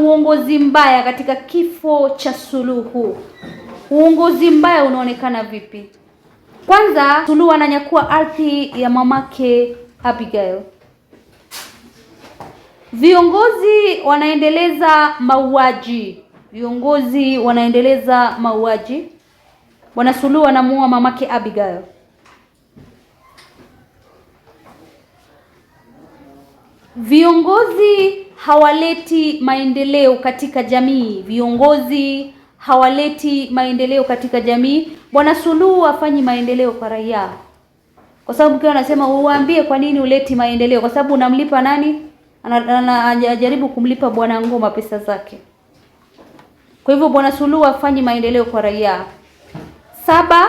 uongozi mbaya katika kifo cha Suluhu. Uongozi mbaya unaonekana vipi? Kwanza, Suluhu ananyakua ardhi ya mamake Abigail. Viongozi wanaendeleza mauaji, viongozi wanaendeleza mauaji. Bwana Suluhu anamuua mamake Abigail. Viongozi hawaleti maendeleo katika jamii. Viongozi hawaleti maendeleo katika jamii. Bwana Suluhu afanyi maendeleo kwa raia, kwa sababu kiwa anasema, uambie kwa nini uleti maendeleo, kwa sababu unamlipa nani? Anajaribu kumlipa Bwana Ngoma pesa zake. Kwa hivyo Bwana Suluhu afanyi maendeleo kwa raia. Saba,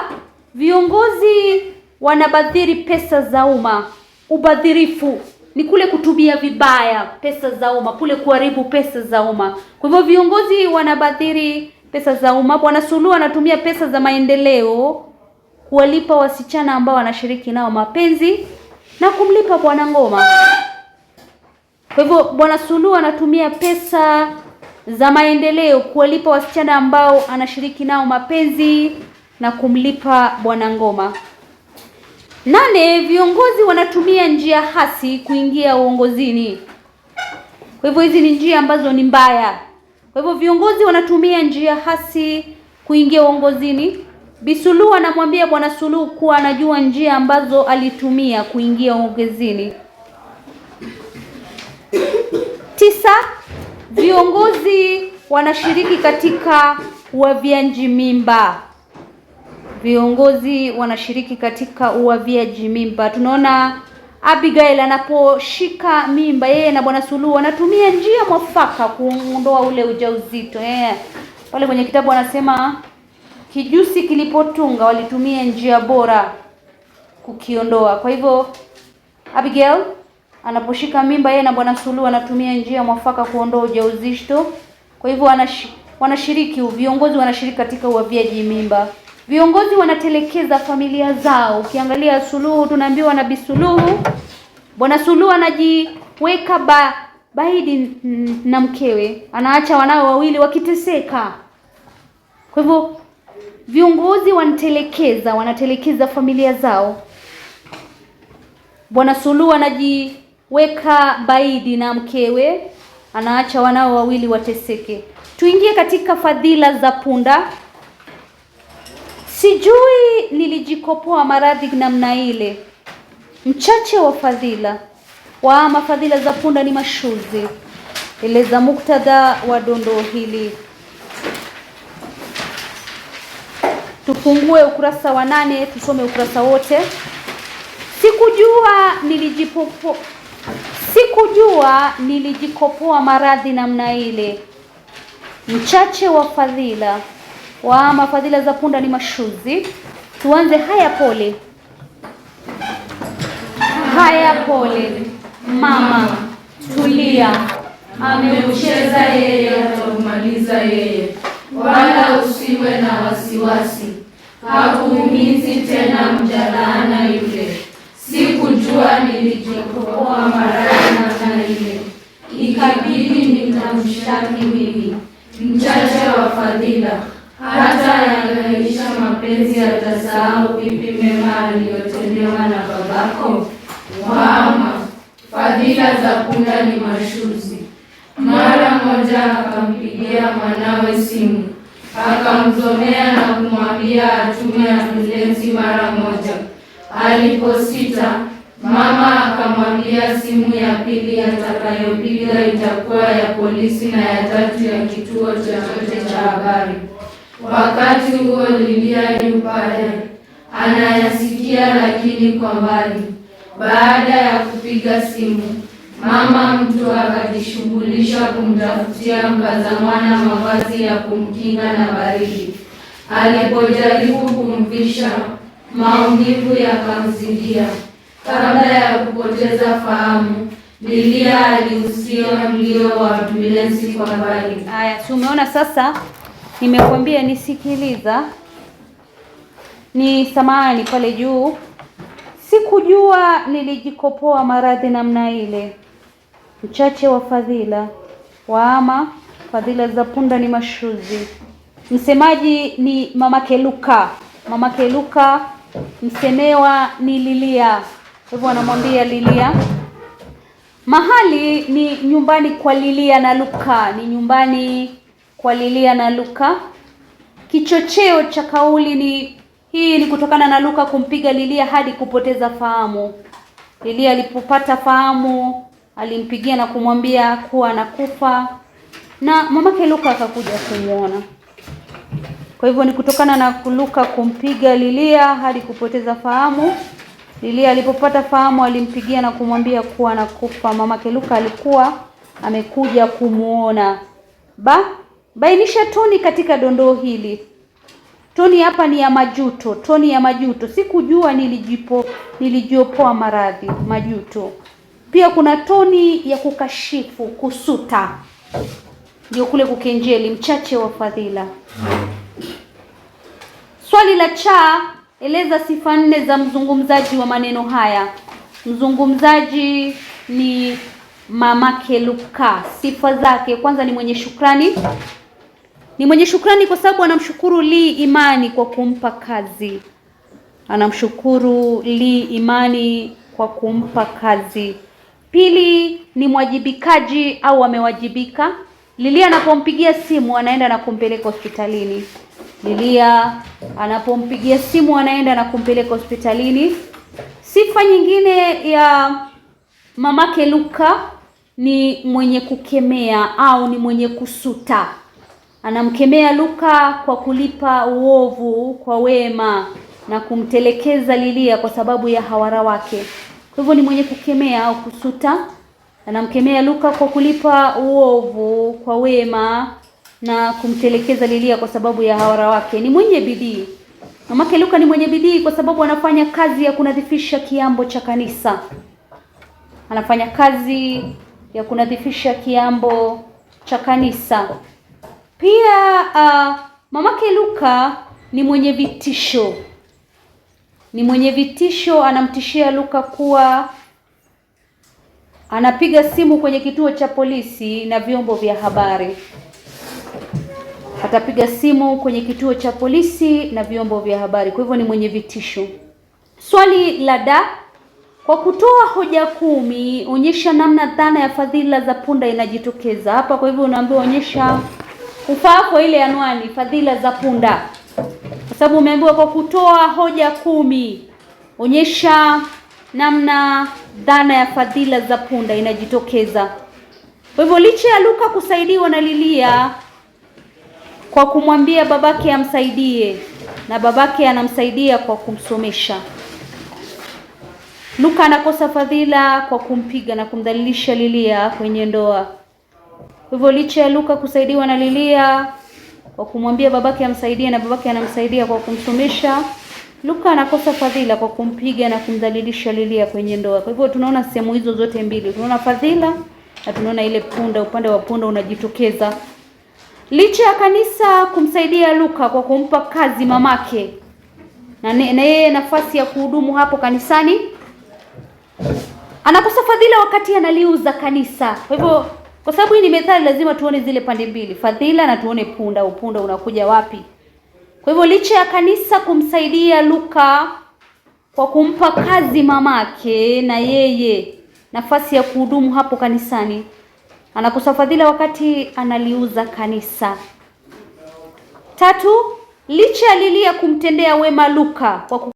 viongozi wanabadhiri pesa za umma, ubadhirifu ni kule kutumia vibaya pesa za umma, kule kuharibu pesa za umma. Kwa hivyo viongozi wanabadhiri pesa za umma. Bwana Suluhu anatumia pesa za maendeleo kuwalipa wasichana ambao wanashiriki nao mapenzi na kumlipa Bwana Ngoma. Kwa hivyo Bwana Suluhu anatumia pesa za maendeleo kuwalipa wasichana ambao anashiriki nao mapenzi na kumlipa Bwana Ngoma. Nane, viongozi wanatumia njia hasi kuingia uongozini. Kwa hivyo hizi ni njia ambazo ni mbaya. Kwa hivyo viongozi wanatumia njia hasi kuingia uongozini. Bisuluhu anamwambia Bwana Suluhu kuwa anajua njia ambazo alitumia kuingia uongozini. Tisa, viongozi wanashiriki katika uavyanji mimba viongozi wanashiriki katika uwaviaji mimba. Tunaona Abigail anaposhika mimba yeye na Bwana Suluhu anatumia njia mwafaka kuondoa ule ujauzito eh. Pale kwenye kitabu anasema kijusi kilipotunga walitumia njia bora kukiondoa. Kwa hivyo Abigail anaposhika mimba yeye na Bwana Suluhu anatumia njia mwafaka kuondoa ujauzito. Kwa hivyo wanashiriki viongozi wanashiriki katika uaviaji mimba. Viongozi wanatelekeza familia zao. Ukiangalia Suluhu, tunaambiwa Nabii Suluhu, Bwana Suluhu anajiweka ba baidi na mkewe, anaacha wanao wawili wakiteseka. Kwa hivyo viongozi wanatelekeza, wanatelekeza familia zao. Bwana Suluhu anajiweka baidi na mkewe, anaacha wanao wawili wateseke. Tuingie katika fadhila za punda. Sijui nilijikopoa maradhi namna ile. Mchache wa fadhila waama, fadhila za punda ni mashuzi. Eleza muktadha wa dondoo hili. Tufungue ukurasa wa nane, tusome ukurasa wote. Sikujua nilijipopo, sikujua nilijikopoa maradhi namna ile. Mchache wa fadhila wa mafadhila za punda ni mashuzi. Tuanze haya pole, haya pole, mama tulia, ameucheza yeye, atamaliza yeye, wala usiwe na wasiwasi. Hakuumizi tena mjalana yule, sikujua nilichokoa marana ile, ikabidi nitamshtaki mimi, mchache wa fadhila hata yanayoisha mapenzi yatasahau vipi mema aliyotendewa na babako? Mama, fadhila za punda ni mashuzi. Mara moja akampigia mwanawe simu akamzomea na kumwambia atume ambulensi mara moja. Aliposita, mama akamwambia simu ya pili atakayopiga itakuwa ya polisi na ya tatu ya kituo chochote cha habari wakati huo lilia yu pale, anayasikia lakini kwa mbali. Baada ya kupiga simu, mama mtu akajishughulisha kumtafutia mkazamwana mavazi ya kumkinga na baridi. Alipojaribu kumvisha, maumivu yakamzidia. Kabla ya kupoteza fahamu bilia aliusikia mlio wa ambulensi kwa mbali. tumeona sasa Nimekuambia nisikiliza, ni samani pale juu. Sikujua nilijikopoa maradhi namna ile. Mchache wa fadhila waama, fadhila za punda ni mashuzi. Msemaji ni mamake Luka, mamake Luka. Msemewa ni Lilia, hivyo anamwambia Lilia. Mahali ni nyumbani kwa Lilia na Luka, ni nyumbani kwa Lilia na Luka. Kichocheo cha kauli ni hii ni kutokana na Luka kumpiga Lilia hadi kupoteza fahamu. Lilia alipopata fahamu alimpigia na kumwambia kuwa anakufa na mamake Luka akakuja kumwona. Kwa hivyo ni kutokana na Luka kumpiga Lilia hadi kupoteza fahamu. Lilia alipopata fahamu alimpigia na kumwambia kuwa anakufa. Mamake Luka alikuwa amekuja kumwona ba Bainisha toni katika dondoo hili. Toni hapa ni ya majuto, toni ya majuto. Sikujua nilijipo nilijiopoa maradhi, majuto. Pia kuna toni ya kukashifu, kusuta, ndio kule kukenjeli, mchache wa fadhila. Swali la cha, eleza sifa nne za mzungumzaji wa maneno haya. Mzungumzaji ni mamake Luka. Sifa zake, kwanza ni mwenye shukrani ni mwenye shukrani kwa sababu anamshukuru Lee Imani kwa kumpa kazi, anamshukuru Lee Imani kwa kumpa kazi. Pili ni mwajibikaji au amewajibika. Lilia anapompigia simu anaenda na kumpeleka hospitalini. Lilia anapompigia simu anaenda na kumpeleka hospitalini. Sifa nyingine ya mamake Luka ni mwenye kukemea au ni mwenye kusuta. Anamkemea Luka kwa kulipa uovu kwa wema na kumtelekeza Lilia kwa sababu ya hawara wake. Kwa hivyo ni mwenye kukemea au kusuta. Anamkemea Luka kwa kulipa uovu kwa wema na kumtelekeza Lilia kwa sababu ya hawara wake. Ni mwenye bidii. Mamake Luka ni mwenye bidii kwa sababu anafanya kazi ya kunadhifisha kiambo cha kanisa. Anafanya kazi ya kunadhifisha kiambo cha kanisa. Pia uh, mamake Luka ni mwenye vitisho, ni mwenye vitisho. Anamtishia Luka kuwa anapiga simu kwenye kituo cha polisi na vyombo vya habari, atapiga simu kwenye kituo cha polisi na vyombo vya habari. Kwa hivyo ni mwenye vitisho. Swali la da kwa kutoa hoja kumi, onyesha namna dhana ya fadhila za punda inajitokeza hapa. Kwa hivyo unaambiwa onyesha Ufahapo ile anwani fadhila za punda, kwa sababu umeambiwa kwa kutoa hoja kumi onyesha namna dhana ya fadhila za punda inajitokeza. Kwa hivyo licha ya Luka kusaidiwa na Lilia kwa kumwambia babake amsaidie, na babake anamsaidia kwa kumsomesha, Luka anakosa fadhila kwa kumpiga na kumdhalilisha Lilia kwenye ndoa. Hivyo licha ya Luka kusaidiwa na Lilia kwa kumwambia babake amsaidie na babake anamsaidia kwa kumtumisha Luka anakosa fadhila kwa kumpiga na kumdhalilisha Lilia kwenye ndoa. Kwa hivyo tunaona sehemu hizo zote mbili, tunaona fadhila na tunaona ile punda, upande wa punda unajitokeza licha ya kanisa kumsaidia Luka kwa kumpa kazi mamake na yeye nafasi ya kuhudumu hapo kanisani, anakosa fadhila wakati analiuza kanisa. Kwa hivyo kwa sababu hii ni methali, lazima tuone zile pande mbili, fadhila na tuone punda, upunda unakuja wapi. Kwa hivyo licha ya kanisa kumsaidia Luka kwa kumpa kazi mamake na yeye nafasi ya kuhudumu hapo kanisani, anakosa fadhila wakati analiuza kanisa. Tatu, licha ya Lilia kumtendea wema Luka kwa